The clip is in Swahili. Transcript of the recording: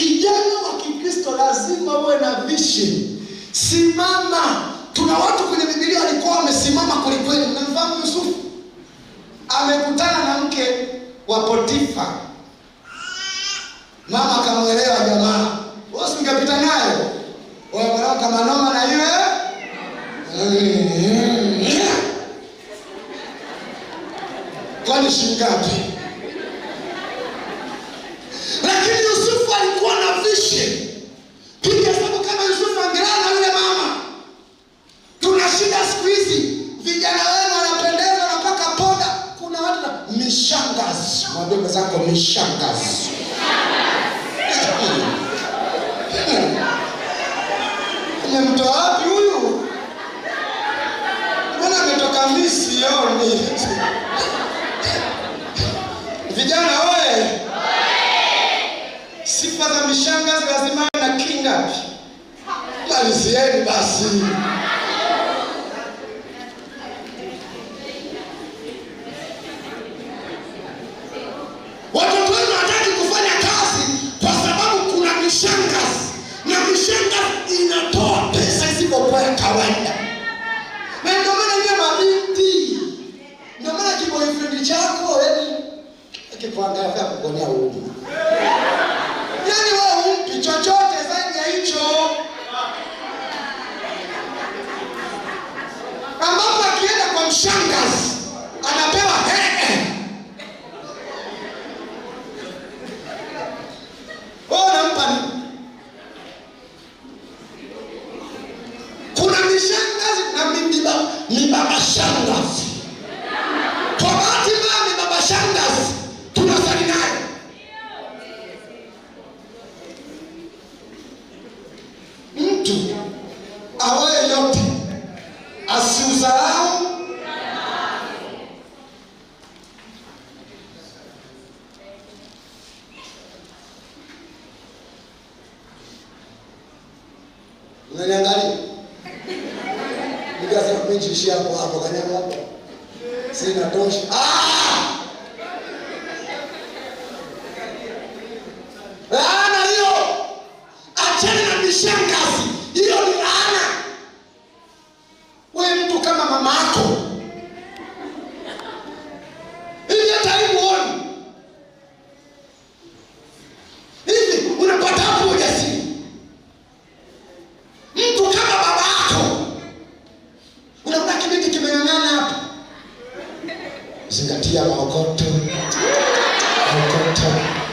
Kijana wa Kikristo lazima uwe na vision. Simama. Tuna watu kwenye Biblia walikuwa wamesimama kwelikweli. Mnamfahamu Yusufu? Amekutana na mke wa Potifa, mama akamwelewa jamaa, wewe usingepita nayo wewe kama noma na yeye eh. kwani shingapi? Mwambie mwenzako mshangazi. Nimemtoa wapi huyu? Mbona ametoka misioni? Vijana oye! Sifa za mishangazi lazima na kingapi? Malizieni basi. kuwa ya kawaida, na ndio maana ndio mabinti, ndio maana kiboyfriend chako yani akikuangalia kukuonea huruma yani wewe umpi chochote zaidi ya hicho ambao mama shangazi. Kwa bahati mbaya ni mama tunasali naye. Mtu awaye yote asiuzalau Unaniangalia? Nikasema mimi nishishia hapo hapo, kanyama hapo sina tosha. Ah! Laana hiyo, ni laana. Wewe mtu kama mama zingatia maokoto maokoto